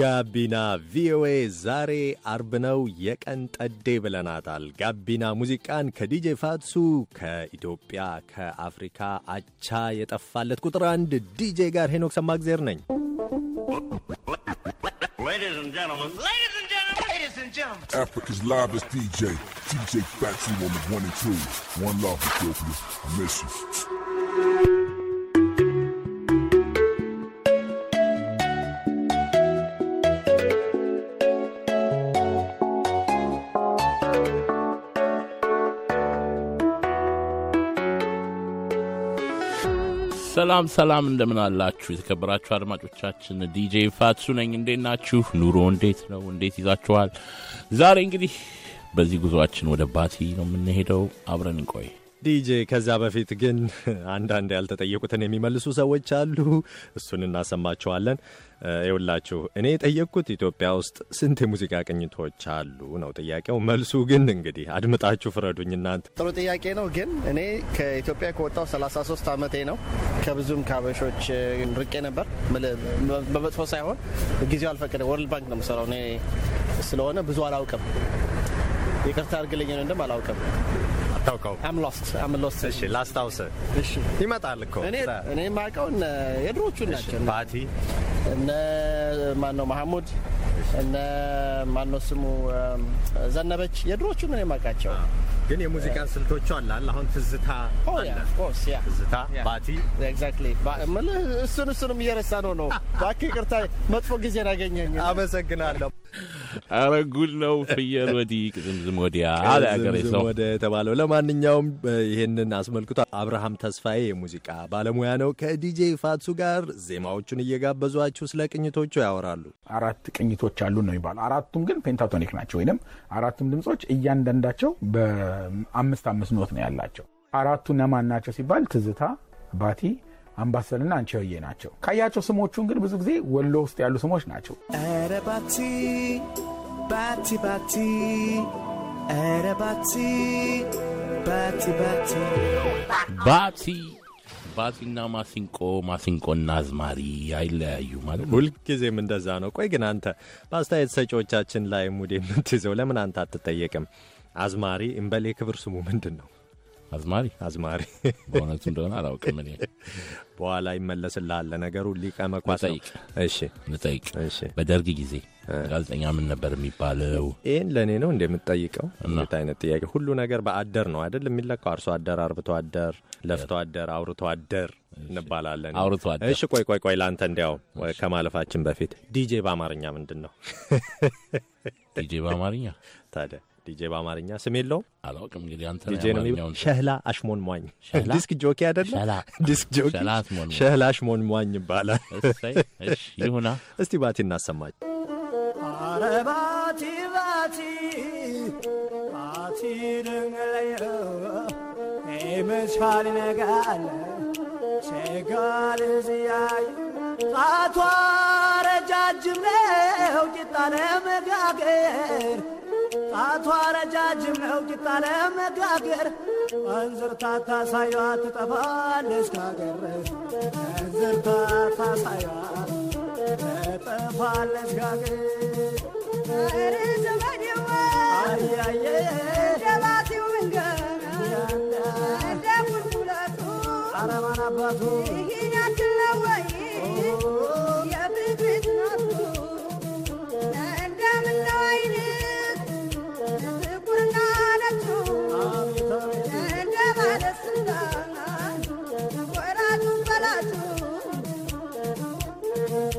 ጋቢና ቪኦኤ ዛሬ አርብ ነው። የቀን ጠዴ ብለናታል። ጋቢና ሙዚቃን ከዲጄ ፋትሱ ከኢትዮጵያ ከአፍሪካ አቻ የጠፋለት ቁጥር አንድ ዲጄ ጋር ሄኖክ ሰማግዜር ነኝ። Africa's loudest DJ, DJ Fatsy on the one and two. One love Ethiopia. I miss you. ሰላም ሰላም፣ እንደምን አላችሁ የተከበራችሁ አድማጮቻችን? ዲጄ ፋትሱ ነኝ። እንዴት ናችሁ? ኑሮ እንዴት ነው? እንዴት ይዛችኋል? ዛሬ እንግዲህ በዚህ ጉዞአችን ወደ ባቲ ነው የምንሄደው። አብረን እንቆይ። ዲጄ ከዛ በፊት ግን አንዳንድ ያልተጠየቁትን የሚመልሱ ሰዎች አሉ። እሱን እናሰማችኋለን። ይውላችሁ እኔ የጠየቅኩት ኢትዮጵያ ውስጥ ስንት የሙዚቃ ቅኝቶች አሉ ነው ጥያቄው። መልሱ ግን እንግዲህ አድምጣችሁ ፍረዱኝ እናንተ። ጥሩ ጥያቄ ነው፣ ግን እኔ ከኢትዮጵያ ከወጣው 33 ዓመቴ ነው። ከብዙም ካበሾች ርቄ ነበር። በመጥፎ ሳይሆን ጊዜው አልፈቀደ። ወርልድ ባንክ ነው የምሰራው እኔ ስለሆነ ብዙ አላውቅም። ይቅርታ አድርግልኝ። ነው እንደም አላውቅም አታውቀውም? አም ሎስት አም ሎስት። እሺ ላስታውስህ። እሺ ይመጣል እኮ እኔ እኔ የማውቀው እነ የድሮቹ ናቸው። ፓቲ እነ ማነው መሐሙድ እነ ማነው ስሙ ዘነበች የድሮቹ ነው የማውቃቸው። ግን የሙዚቃ ስልቶቹ አለ አለ አሁን ትዝታ oh, አለ ትዝታ ባቲ ኤግዛክትሊ እሱን እሱንም እየረሳ ነው ነው። እባክህ ይቅርታ፣ መጥፎ ጊዜ ያገኘኝ አመሰግናለሁ። አረ ጉድ ነው። ፍየል ወዲህ ቅዝምዝም ወዲያ ሰው ወደ ተባለው። ለማንኛውም ይህንን አስመልክቶ አብርሃም ተስፋዬ የሙዚቃ ባለሙያ ነው። ከዲጄ ፋትሱ ጋር ዜማዎቹን እየጋበዟችሁ ስለ ቅኝቶቹ ያወራሉ። አራት ቅኝቶች አሉ ነው ይባሉ። አራቱም ግን ፔንታቶኒክ ናቸው፣ ወይም አራቱም ድምጾች እያንዳንዳቸው በአምስት አምስት ኖት ነው ያላቸው። አራቱ ነማን ናቸው ሲባል ትዝታ፣ ባቲ አምባሰልና አንቺ ሆዬ ናቸው። ካያቸው ስሞቹን ግን ብዙ ጊዜ ወሎ ውስጥ ያሉ ስሞች ናቸው። ኧረ ባቲ ባቲ ባቲ ኧረ ባቲ ባቲ ባቲ ባቲ ባቲና ማሲንቆ ማሲንቆና አዝማሪ አይለያዩ ማለት ሁልጊዜም እንደዛ ነው። ቆይ ግን አንተ በአስተያየት ሰጪዎቻችን ላይ ሙድ የምትይዘው ለምን አንተ አትጠየቅም? አዝማሪ እምበሌ ክብር ስሙ ምንድን ነው? አዝማሪ አዝማሪ በእውነቱ እንደሆነ አላውቅም እኔ። በኋላ ይመለስልሃል ነገሩ ሊቀ መኳስ ነው። እሺ እሺ በደርግ ጊዜ ጋዜጠኛ ምን ነበር የሚባለው? ይህን ለእኔ ነው እንደምጠይቀው እንዴት አይነት ጥያቄ! ሁሉ ነገር በአደር ነው አይደል የሚለካው? አርሶ አደር፣ አርብቶ አደር፣ ለፍቶ አደር፣ አውርቶ አደር እንባላለን። አውርቶ አደር። እሺ ቆይ ቆይ ቆይ፣ ለአንተ እንዲያው ከማለፋችን በፊት ዲጄ በአማርኛ ምንድን ነው? ዲጄ በአማርኛ ታዲያ ዲጄ በአማርኛ ስም የለውም። አላውቅም እንግዲህ አንተ ነው። ሸህላ አሽሞን ሟኝ ዲስክ ጆኪ አይደለ? ዲስክ ጆኪ ሸህላ አሽሞን ሟኝ ይባላል። ይሁና እስቲ ባቲ እናሰማች። አረ ባቲ ባቲ ባቲ ድንግለየው መቻል ነጋለ ሸጋል ዝያይ ጣቷ ረጃጅም ነው ቂጣ ለመጋገር ጅራቷ ረጃጅም ነው ቂጣ ለመጋገር እንዝርታ ትጠፋለች ካገር እንዝርታ ትጠፋለች ካገር እንደ አረማን አባቱ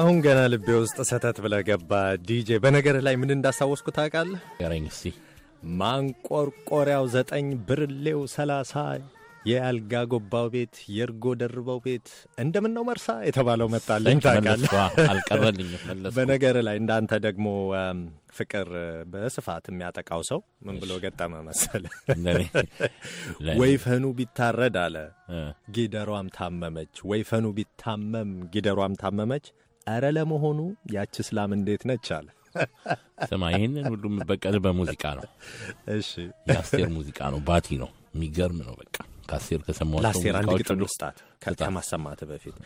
አሁን ገና ልቤ ውስጥ ሰተት ብለህ ገባ ዲጄ። በነገር ላይ ምን እንዳስታወስኩ ታውቃለህ? ማንቆርቆሪያው ዘጠኝ ብርሌው ሰላሳ የአልጋ ጎባው ቤት የእርጎ ደርበው ቤት እንደምን ነው መርሳ የተባለው መጣለኝ ታውቃለህ በነገር ላይ እንዳንተ ደግሞ ፍቅር በስፋት የሚያጠቃው ሰው ምን ብሎ ገጠመ መሰለ? ወይፈኑ ቢታረድ አለ ጊደሯም ታመመች፣ ወይፈኑ ቢታመም ጊደሯም ታመመች። አረ ለመሆኑ ያች እስላም እንዴት ነች አለ። ስማ ይህንን ሁሉ የምበቀል በሙዚቃ ነው። እሺ የአስቴር ሙዚቃ ነው፣ ባቲ ነው የሚገርም ነው። በቃ ከአስቴር ከሰማኋቸው አንድ ግጥም ስጣት ከማሰማት በፊት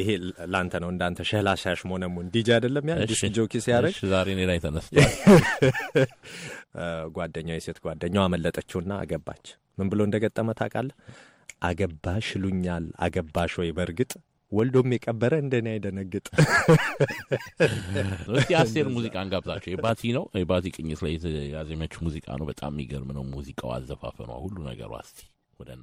ይሄ ለአንተ ነው። እንዳንተ ሻሽ ሞነሙ እንዲጃ አይደለም ያ ዲስክ ጆኪ ሲያደርግ ዛሬ እኔ ላይ ተነስቷል። ጓደኛው የሴት ጓደኛው አመለጠችውና አገባች። ምን ብሎ እንደገጠመ ታውቃለህ? አገባሽ ሉኛል አገባሽ ወይ በእርግጥ ወልዶም የቀበረ እንደኔ አይደነግጥ። እስቲ አስቴር ሙዚቃ እንጋብዛቸው። የባቲ ነው የባቲ ቅኝት ላይ የተያዘመች ሙዚቃ ነው። በጣም የሚገርም ነው ሙዚቃው፣ አዘፋፈኗ፣ ሁሉ ነገሯ። እስቲ ወደና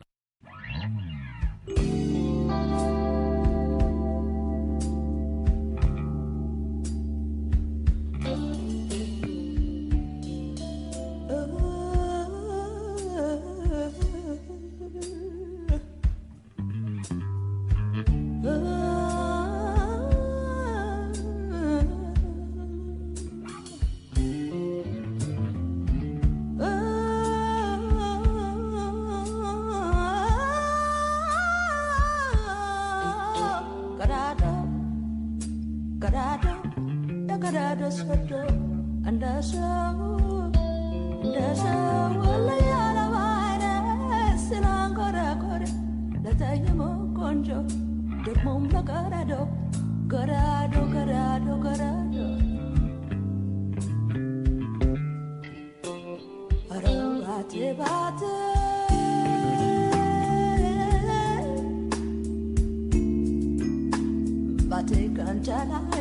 Jana.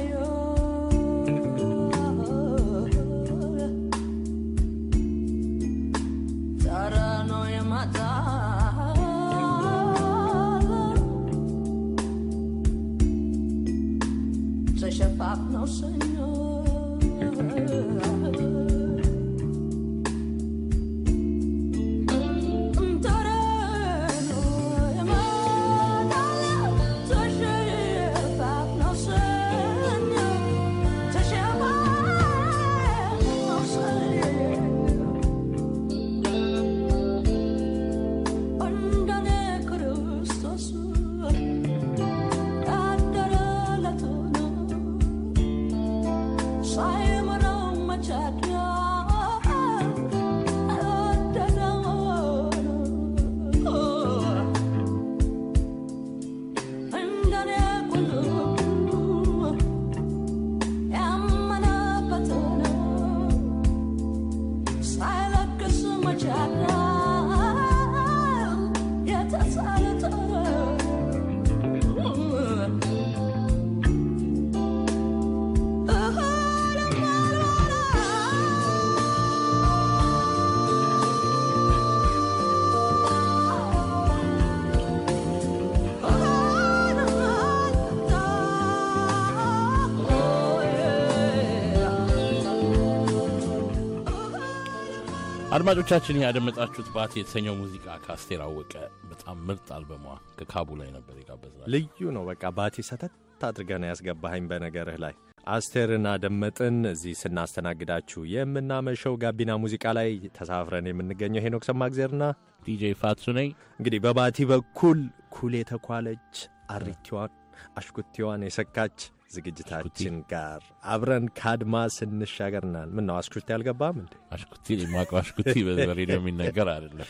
አድማጮቻችን ያደመጣችሁት ባቲ የተሰኘው ሙዚቃ ከአስቴር አወቀ በጣም ምርጥ አልበሟ ከካቡ ላይ ነበር የጋበዝናል። ልዩ ነው። በቃ ባቲ ሰተት አድርገን ያስገባኸኝ በነገርህ ላይ አስቴርን አደመጥን። እዚህ ስናስተናግዳችሁ የምናመሸው ጋቢና ሙዚቃ ላይ ተሳፍረን የምንገኘው ሄኖክ ሰማእግዜርና ዲጄ ፋትሱ ነኝ። እንግዲህ በባቲ በኩል ኩል የተኳለች አሪቲዋን አሽኩቲዋን የሰካች ዝግጅታችን ጋር አብረን ካድማ ስንሻገርናል። ምን ነው አሽኩቲ አልገባም እንዴ? አሽኩቲ የማውቀው አሽኩቲ በሬዲዮ የሚነገር አይደለም።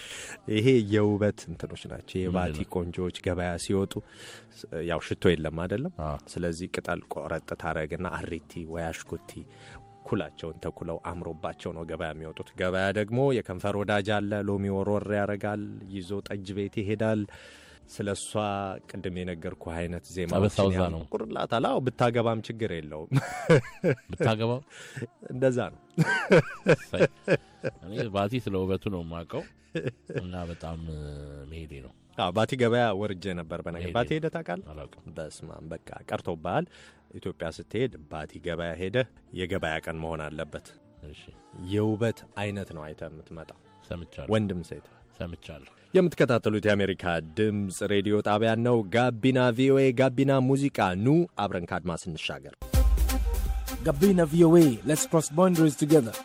ይሄ የውበት እንትኖች ናቸው። የባቲ ቆንጆዎች ገበያ ሲወጡ ያው ሽቶ የለም አይደለም። ስለዚህ ቅጠል ቆረጥ ታረግና አሪቲ ወይ አሽኩቲ ኩላቸውን ተኩለው አምሮባቸው ነው ገበያ የሚወጡት። ገበያ ደግሞ የከንፈር ወዳጅ አለ። ሎሚ ወርወር ያረጋል፣ ይዞ ጠጅ ቤት ይሄዳል። ስለ እሷ ቅድም የነገርኩ አይነት ዜማዛ ነው ቁርላታ አዎ ብታገባም ችግር የለውም ብታገባ እንደዛ ነው። ባቲ ስለ ውበቱ ነው የማውቀው እና በጣም መሄዴ ነው። ባቲ ገበያ ወርጄ ነበር። በነገር ባቲ ሄደ ታቃል በስማም በቃ ቀርቶብሃል። ኢትዮጵያ ስትሄድ ባቲ ገበያ ሄደ የገበያ ቀን መሆን አለበት። የውበት አይነት ነው አይተ የምትመጣ ወንድም ሴት ሰምቻለሁ። የምትከታተሉት የአሜሪካ ድምፅ ሬዲዮ ጣቢያን ነው። ጋቢና ቪኦኤ፣ ጋቢና ሙዚቃ። ኑ አብረን ካድማ ስንሻገር ጋቢና ቪኦኤ ሌትስ ክሮስ ቦንደሪስ ቱጌዘር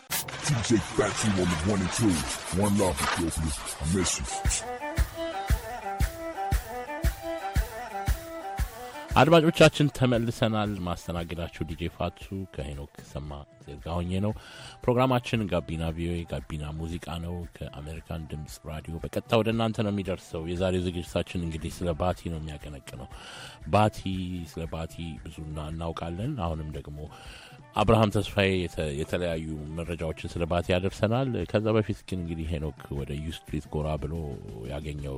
አድማጮቻችን ተመልሰናል። ማስተናገዳችሁ ዲጄ ፋቱ ከሄኖክ ሰማ ዘርጋ ሆኜ ነው። ፕሮግራማችን ጋቢና ቪኦኤ ጋቢና ሙዚቃ ነው። ከአሜሪካን ድምፅ ራዲዮ በቀጥታ ወደ እናንተ ነው የሚደርሰው። የዛሬው ዝግጅታችን እንግዲህ ስለ ባቲ ነው የሚያቀነቅነው። ባቲ ስለ ባቲ ብዙና እናውቃለን። አሁንም ደግሞ አብርሃም ተስፋዬ የተለያዩ መረጃዎችን ስለ ባቲ ያደርሰናል። ከዛ በፊት ግን እንግዲህ ሄኖክ ወደ ዩ ስትሪት ጎራ ብሎ ያገኘው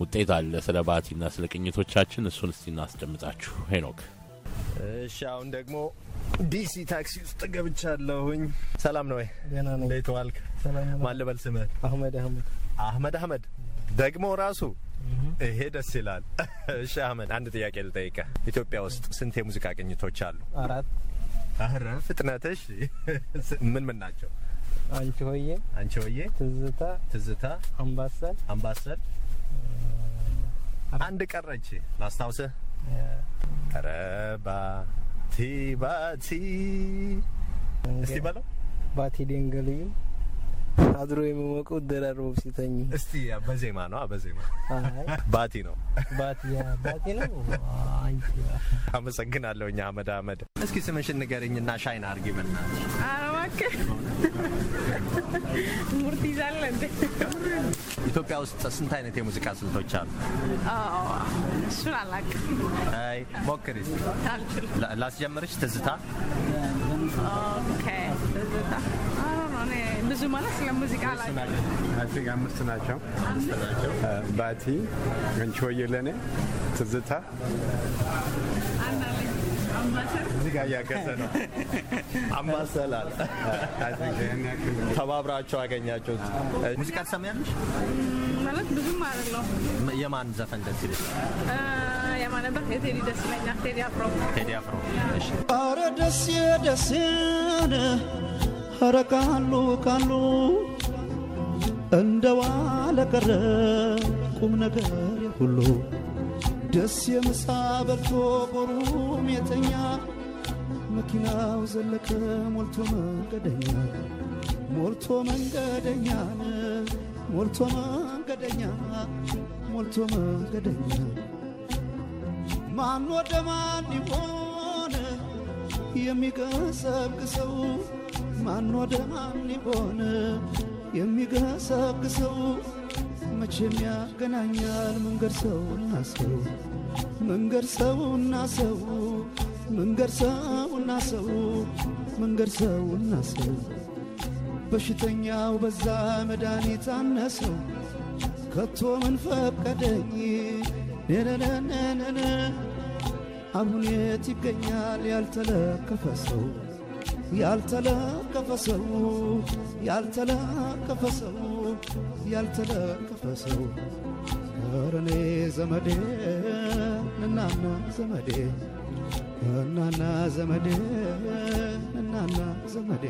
ውጤት አለ ስለ ባቲና ስለ ቅኝቶቻችን እሱን እስቲ እናስደምጣችሁ። ሄኖክ እሺ፣ አሁን ደግሞ ዲሲ ታክሲ ውስጥ ገብቻለሁኝ። ሰላም ነው ወይ? ደህና እንዴት ዋልክ? ማን ስምህ? አህመድ አህመድ አህመድ አህመድ ደግሞ ራሱ ይሄ ደስ ይላል። እሺ አህመድ፣ አንድ ጥያቄ ልጠይቀ ኢትዮጵያ ውስጥ ስንት የሙዚቃ ቅኝቶች አሉ? አራት። አረ ፍጥነትሽ ምን ምን ናቸው? አንቺ ሆዬ፣ አንቺ ሆዬ፣ ትዝታ፣ ትዝታ፣ አምባሰል፣ አምባሰል አንድ ቀረች ላስታውስ። ረባ ቲባቲ እስቲ በለው ባቲ ደንገልዩ አድሮ የሚሞቀው ደራርበው ሲተኙ። እስቲ በዜማ ነው በዜማ ባቲ ነው ባቲ ያ ባቲ ነው። አንቺ አመሰግናለሁ። እኛ አመድ አህመድ። እስኪ ስምሽን ንገሪኝና ሻይና አድርጊ በእናትሽ። ኧረ እባክህ ሙርት ይዛለህ እንዴ? ኢትዮጵያ ውስጥ ስንት አይነት የሙዚቃ ስልቶች አሉ? እሱን አላውቅም። አይ ሞክሪ። ላስጀምርሽ ትዝታ ኦኬ ብዙ ማለት ስለ ሙዚቃ ላይ አምስት ናቸው። ባቲ፣ እንቾዬ፣ ለኔ ትዝታ እዚህ ጋር እያገዘ ነው አማሰላል ተባብራቸው አገኛቸው። ሙዚቃ ትሰሚያለሽ ማለት ብዙም ማለት ነው። የማን ዘፈን ደስ ይለሽ? የማን ነበር? የቴዲ ደስ ይለኛል። ቴዲ አፍሮ ቴዲ አፍሮ። አረ ኧረ ደስ ደስ ኧረ ካሉ ካሉ እንደ ዋለ ቀረ ቁም ነገር ሁሉ ደስ የምሳ በልቶ ጎሩም የተኛ መኪናው ዘለቀ ሞልቶ መንገደኛ ሞልቶ መንገደኛ ሞልቶ መንገደኛ ሞልቶ መንገደኛ ማን ወደ ማን ይሆን የሚገሰግሰው ማን ወደማን ሊሆን የሚገሳግሰው መቼም ያገናኛል መንገድ ሰውና ሰው መንገድ ሰውና ሰው መንገድ ሰውና ሰው መንገድ ሰውና ሰው በሽተኛው በዛ መድኃኒት አነሰው ከቶ ምን ፈቀደኝ ነነነነነ አሁን የት ይገኛል ያልተለከፈ ሰው ያልተለከፈ ሰው ያልተለከፈ ሰው ያልተለከፈ ሰው እኔ ዘመዴ እናና ዘመዴ እናና ዘመዴ እናና ዘመዴ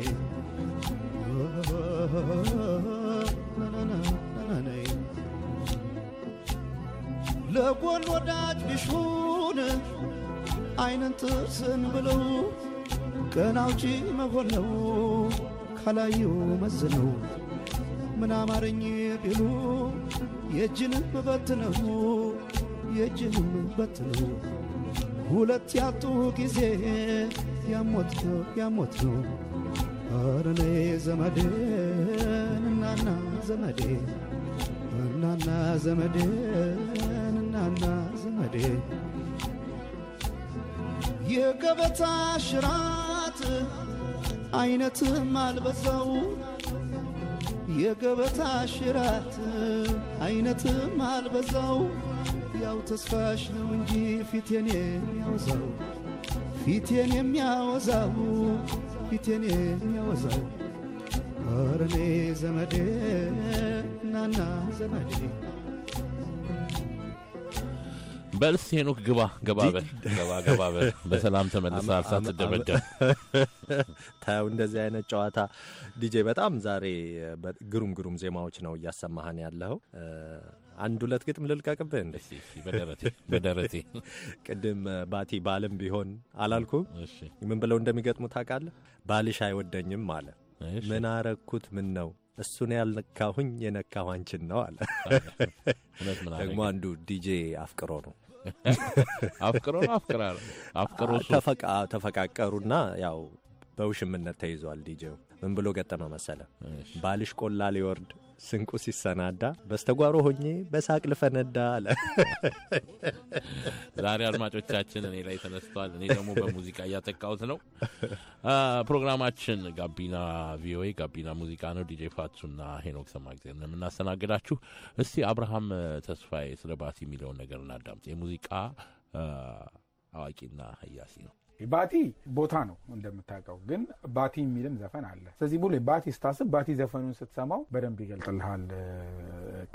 ለጎን ወዳጅ ቢሹን አይንን ጥርስን ብለው ቀና ውጪ መሆን ነው ካላዩ መዝ ነው ምን አማረኝ ቢሉ የእጅንም በት ነው የእጅንም በት ነው ሁለት ያጡ ጊዜ ያሞት ነው ያሞት ነው አረኔ ዘመዴን እናና ዘመዴ እናና ዘመዴን እናና ዘመዴ የገበታ ሽራ አይነትም አልበዛው የገበታ ሽራት አይነትም አልበዛው ያው ተስፋሽ ነው እንጂ ፊቴን የሚያወዛው ፊቴን የሚያወዛው ፊቴን የሚያወዛው ኧረ እኔ ዘመዴ ናና ዘመዴ በልስ ሄኖክ ግባ ገባ በል ገባ ገባ በል በሰላም እንደዚህ አይነት ጨዋታ ዲጄ በጣም ዛሬ ግሩም ግሩም ዜማዎች ነው እያሰማህን ያለው አንድ ሁለት ግጥም ልልቀቅብህ እንደ በደረቴ ቅድም ባቲ ባልም ቢሆን አላልኩም። ምን ብለው እንደሚገጥሙ ታውቃለህ? ባልሽ አይወደኝም አለ ምን አረግኩት? ምን ነው እሱን ያልነካሁኝ የነካሁ አንችን ነው አለ። ደግሞ አንዱ ዲጄ አፍቅሮ ነው አፍቅሮ ነው አፍቅሮ ተፈቃቀሩና ያው በውሽምነት ተይዟል። ዲጄው ምን ብሎ ገጠመ መሰለ፣ ባልሽ ቆላ ሊወርድ ስንቁ ሲሰናዳ በስተጓሮ ሆኜ በሳቅ ልፈነዳ አለ። ዛሬ አድማጮቻችን እኔ ላይ ተነስቷል። እኔ ደግሞ በሙዚቃ እያጠቃሁት ነው። ፕሮግራማችን ጋቢና ቪኦኤ ጋቢና ሙዚቃ ነው። ዲጄ ፋቱና ሄኖክ ነው የምናስተናግዳችሁ። እስቲ አብርሃም ተስፋዬ ስለ ባቲ የሚለውን ነገር እናዳምጥ። የሙዚቃ አዋቂና ሀያሲ ነው። ባቲ ቦታ ነው እንደምታውቀው፣ ግን ባቲ የሚልም ዘፈን አለ። ስለዚህ ቡ ባቲ ስታስብ ባቲ ዘፈኑን ስትሰማው በደንብ ይገልጥልሃል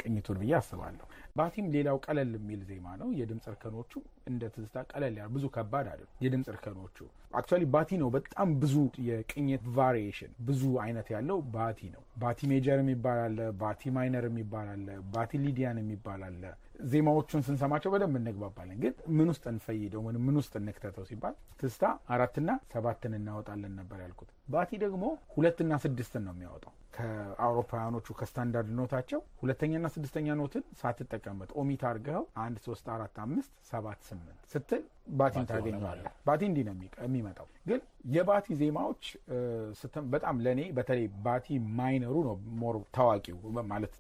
ቅኝቱን ብዬ አስባለሁ። ባቲም ሌላው ቀለል የሚል ዜማ ነው። የድምፅ እርከኖቹ እንደ ትዝታ ቀለል ያሉ ብዙ ከባድ አይደሉ የድምፅ እርከኖቹ። አክቹዋሊ ባቲ ነው በጣም ብዙ የቅኝት ቫሪዬሽን ብዙ አይነት ያለው ባቲ ነው። ባቲ ሜጀር የሚባል አለ፣ ባቲ ማይነር የሚባል አለ፣ ባቲ ሊዲያን የሚባል አለ። ዜማዎቹን ስንሰማቸው በደንብ እንግባባለን። ግን ምን ውስጥ እንፈይደው ወይም ምን ውስጥ እንክተተው ሲባል ትስታ አራትና ሰባትን እናወጣለን ነበር ያልኩት። ባቲ ደግሞ ሁለትና ስድስትን ነው የሚያወጣው ከአውሮፓውያኖቹ ከስታንዳርድ ኖታቸው ሁለተኛና ስድስተኛ ኖትን ሳትጠቀምበት ኦሚት አድርገኸው አንድ ሶስት አራት አምስት ሰባት ስምንት ስትል ባቲን ታገኘዋለህ። ባቲ እንዲህ ነው የሚመጣው። ግን የባቲ ዜማዎች በጣም ለእኔ በተለይ ባቲ ማይነሩ ነው ሞር ታዋቂው ማለት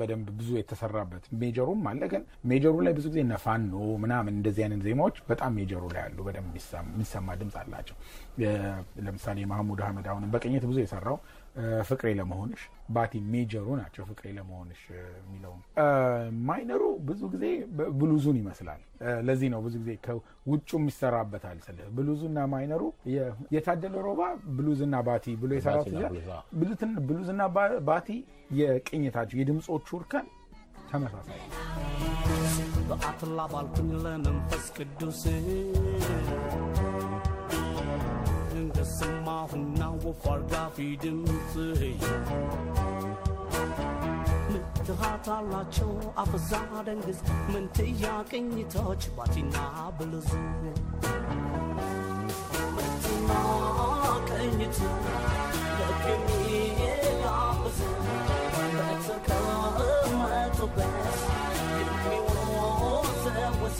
በደንብ ብዙ የተሰራበት ሜጀሩም አለ። ግን ሜጀሩ ላይ ብዙ ጊዜ ነፋኖ ምናምን እንደዚህ አይነት ዜማዎች በጣም ሜጀሩ ላይ አሉ። በደንብ የሚሰማ ድምፅ አላቸው። ለምሳሌ ማህሙድ አህመድ አሁንም በቅኝት ብዙ የሰራው ፍቅሬ ለመሆንሽ ባቲ ሜጀሩ ናቸው። ፍቅሬ ለመሆንሽ የሚለው ማይነሩ ብዙ ጊዜ ብሉዙን ይመስላል። ለዚህ ነው ብዙ ጊዜ ከውጩ ይሰራበታል ስልህ ብሉዙና ማይነሩ የታደለ ሮባ ብሉዝና ባቲ ብሎ የሰራት ብሉዝና ባቲ የቅኝታቸው የድምፆቹ እርከን ተመሳሳይ በአትላ ባልኩኝ ለመንፈስ ቅዱስ السماعنا وفرقة في دمتي ምትሃት አላቸው አፈዛ ደንግዝ ምንትያ ቅኝቶች ባቲና ብልዝ ምትና ቅኝት ደግሚ ያብዝ በተቀመጡበት የሚወዘወዘ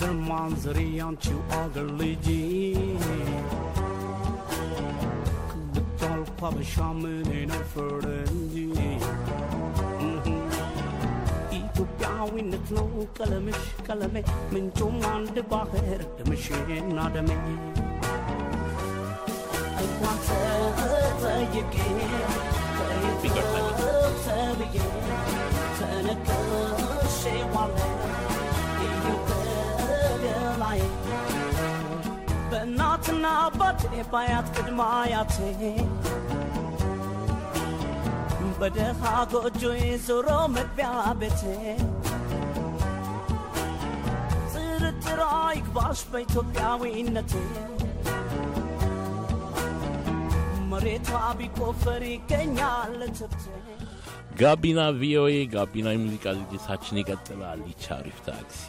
the manzari onto other lady Kutal pava shaman in a ferdendi ኢትዮጵያዊነት ነው ቀለምሽ ቀለሜ ምንጩም አንድ ባህር ደምሽ ናደሜ እንኳን ተጠይቄ ተብዬ ተነቀሼ ዋለ ኢትዮጵያ በእናትና አባት የባያት ቅድማ አያቴ በደሃ ጎጆ ዞሮ መግቢያ ቤቴ ጥርጥር አይግባሽ በኢትዮጵያዊነቴ መሬቷ ቢቆፈር ይገኛል ትብቴ ጋቢና ቪኦኤ ጋቢና የሙዚቃ ዝግጅታችን ይቀጥላል። ይቻሪፍ ታክሲ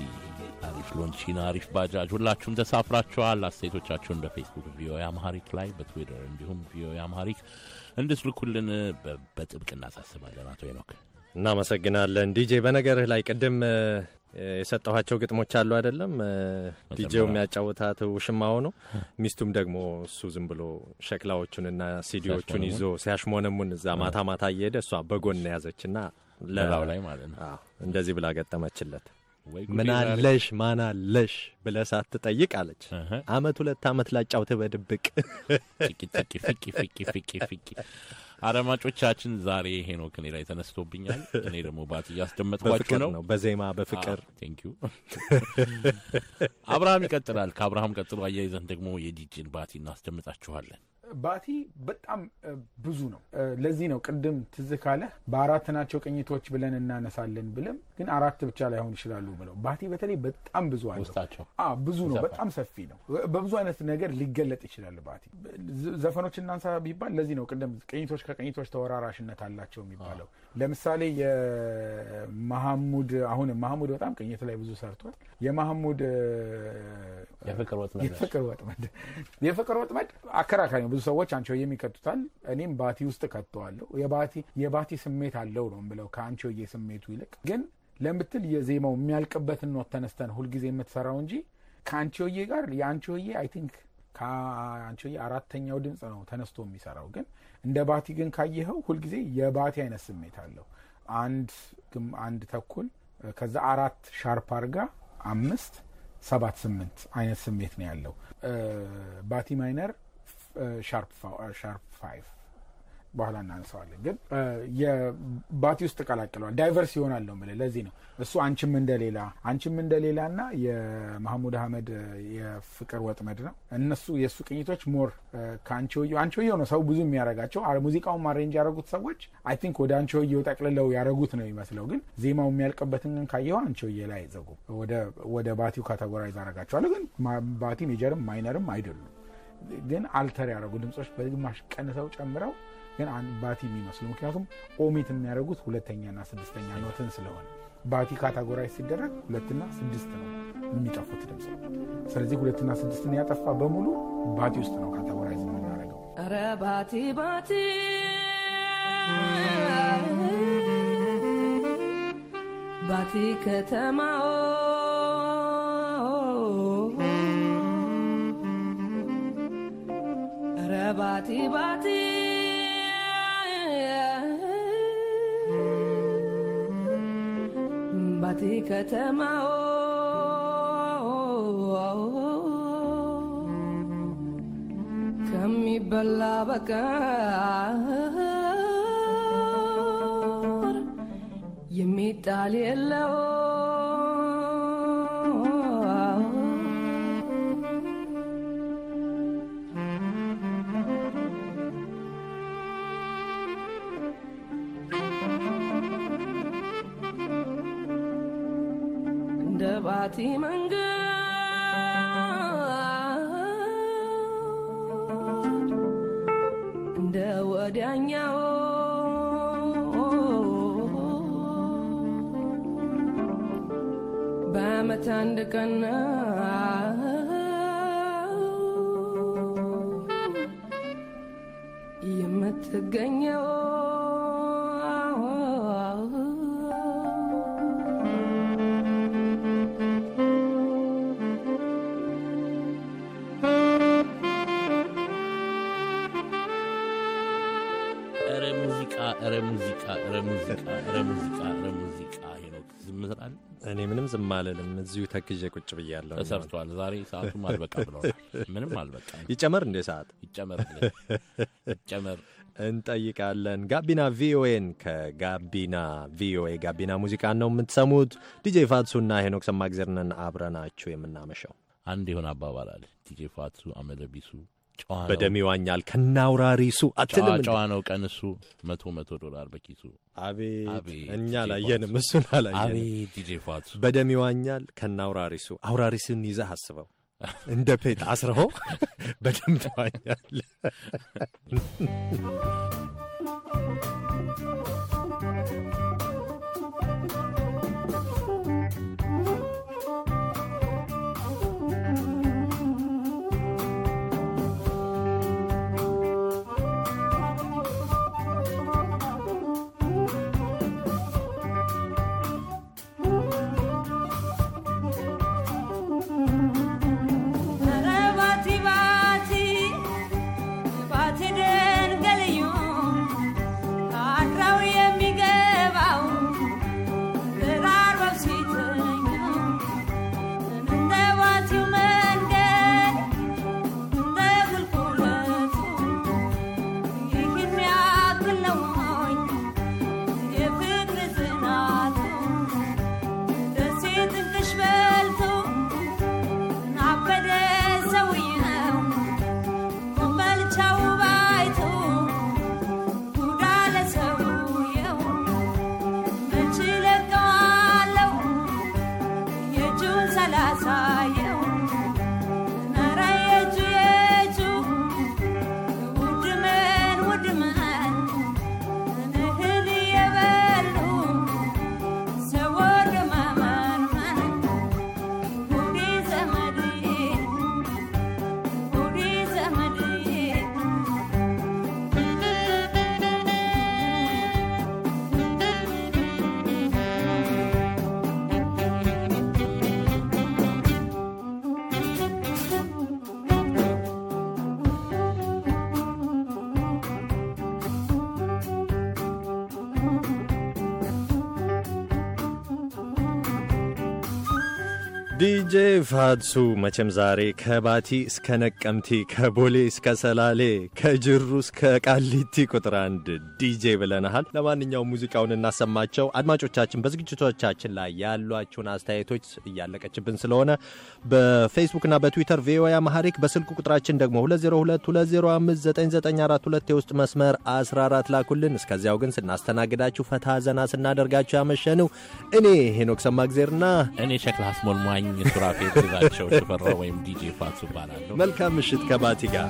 አሪፍ ሎንቺን፣ አሪፍ ባጃጅ ሁላችሁም ተሳፍራችኋል። አስተያየቶቻችሁን በፌስቡክ ቪኦኤ አምሃሪክ ላይ በትዊተር እንዲሁም ቪኦኤ አምሃሪክ እንድትልኩልን በጥብቅ እናሳስባለን። አቶ ኖክ እናመሰግናለን። ዲጄ በነገርህ ላይ ቅድም የሰጠኋቸው ግጥሞች አሉ አይደለም? ዲጄው የሚያጫወታት ውሽማ ሆኖ ሚስቱም ደግሞ እሱ ዝም ብሎ ሸክላዎቹንና ሲዲዎቹን ይዞ ሲያሽሞነሙን እዛ ማታ ማታ እየሄደ እሷ በጎን ያዘችና ለላው ላይ ማለት ነው እንደዚህ ብላ ገጠመችለት። ምናለሽ ማናለሽ ብለህ ሳትጠይቅ አለች። አመት ሁለት አመት ላጫውት በድብቅ አድማጮቻችን፣ ዛሬ ሄኖክ እኔ ላይ ተነስቶብኛል። እኔ ደግሞ ባት እያስደመጥኳችሁ ነው፣ በዜማ በፍቅር ቴንኪው። አብርሃም ይቀጥላል። ከአብርሃም ቀጥሎ አያይዘን ደግሞ የዲጄን ባቲ እናስደምጣችኋለን። ባቲ በጣም ብዙ ነው። ለዚህ ነው ቅድም ትዝ ካለ በአራት ናቸው ቅኝቶች ብለን እናነሳለን ብለም ግን አራት ብቻ ላይሆን ይችላሉ ብለው ባቲ በተለይ በጣም ብዙ አለው። ብዙ ነው፣ በጣም ሰፊ ነው። በብዙ አይነት ነገር ሊገለጥ ይችላል። ባቲ ዘፈኖች እናንሳ ቢባል ለዚህ ነው ቅድም ቅኝቶች ከቅኝቶች ተወራራሽነት አላቸው የሚባለው ለምሳሌ የመሐሙድ አሁን መሐሙድ በጣም ቅኝት ላይ ብዙ ሰርቷል። የመሐሙድ የፍቅር ወጥመድ የፍቅር ወጥመድ አከራካሪ ነው። ብዙ ሰዎች አንቺሆዬ የሚከቱታል። እኔም ባቲ ውስጥ ከተዋለሁ። የባቲ ስሜት አለው ነው ብለው ከአንቺሆዬ ስሜቱ ይልቅ ግን ለምትል የዜማው የሚያልቅበትን ኖት ተነስተን ሁልጊዜ የምትሰራው እንጂ ከአንቺሆዬ ጋር የአንቺሆዬ አይ ቲንክ ከአንቺሆዬ አራተኛው ድምፅ ነው ተነስቶ የሚሰራው ግን እንደ ባቲ ግን ካየኸው ሁልጊዜ የባቲ አይነት ስሜት አለው። አንድ አንድ ተኩል ከዛ አራት ሻርፕ አርጋ አምስት ሰባት ስምንት አይነት ስሜት ነው ያለው ባቲ ማይነር ሻርፕ ፋይቭ በኋላ እናነሳዋለን። ግን የባቲ ውስጥ ተቀላቅለዋል። ዳይቨርስ ይሆናል ነው የምልህ። ለዚህ ነው እሱ አንቺም እንደሌላ አንቺም እንደሌላ እና የማህሙድ አህመድ የፍቅር ወጥመድ ነው። እነሱ የእሱ ቅኝቶች ሞር ከአንቺ ወየው ነው ሰው ብዙ የሚያረጋቸው። ሙዚቃውን አሬንጅ ያደረጉት ሰዎች አይ ቲንክ ወደ አንቺ ጠቅልለው ያደረጉት ነው ይመስለው። ግን ዜማው የሚያልቅበትን ካየው አንቺ ወየ ላይ አይዘጉም። ወደ ባቲው ካተጎራይዝ አረጋቸዋለሁ። ግን ባቲ ሜጀርም ማይነርም አይደሉም። ግን አልተር ያደረጉ ድምጾች በግማሽ ቀንሰው ጨምረው ግን አንድ ባቲ የሚመስሉ ምክንያቱም ኦሜት የሚያደርጉት ሁለተኛና ስድስተኛ ኖትን ስለሆነ ባቲ ካታጎራይ ሲደረግ ሁለትና ስድስት ነው የሚጠፉት ድምፅ። ስለዚህ ሁለትና ስድስትን ያጠፋ በሙሉ ባቲ ውስጥ ነው ካታጎራይዝ የምናደርገው። ኧረ ባቲ ባቲ ባቲ ከተማው ባቲ ባቲ ከተማ ከሚበላ በቀር የሚጣል የለው கண்டு கண்ணா እዚሁ ተክዤ ቁጭ ብያለሁ። ተሰርቷል። ዛሬ ሰዓቱም አልበቃ ብለናል። ምንም አልበቃ። ይጨመር እንዴ ሰዓት? ይጨመር ይጨመር እንጠይቃለን። ጋቢና ቪኦኤን ከጋቢና ቪኦኤ ጋቢና ሙዚቃን ነው የምትሰሙት። ዲጄ ፋትሱና ሄኖክ ሰማግዘርነን አብረናችሁ የምናመሸው አንድ የሆነ አባባል አለ ዲጄ ፋትሱ አመለቢሱ በደም ይዋኛል ከናውራሪሱ አትልም። ጨዋ ነው ቀን እሱ መቶ መቶ ዶላር በኪሱ አቤት። እኛ ላየንም እሱን አላየንም። በደም ይዋኛል ከናውራሪሱ አውራሪስን ይዘህ አስበው፣ እንደ ፔት አስረሆ በደም ትዋኛል። ፋድሱ መቼም ዛሬ ከባቲ እስከ ነቀምቲ፣ ከቦሌ እስከ ሰላሌ፣ ከጅሩ እስከ ቃሊቲ ቁጥር አንድ ዲጄ ብለናሃል። ለማንኛውም ሙዚቃውን እናሰማቸው። አድማጮቻችን በዝግጅቶቻችን ላይ ያሏችሁን አስተያየቶች እያለቀችብን ስለሆነ በፌስቡክና በትዊተር ቪኦኤ አማሐሪክ በስልክ ቁጥራችን ደግሞ 2022059942 የውስጥ መስመር 14 ላኩልን። እስከዚያው ግን ስናስተናግዳችሁ ፈታ ዘና ስናደርጋችሁ ያመሸ ነው እኔ ሄኖክ ሰማግዜርና እኔ ሸክላ አስሞልሟኝ ሱራ ፋፌ ትዛቸው ሽፈራው ወይም ዲጄ ፋቱ እባላለሁ። መልካም ምሽት ከባቲ ጋር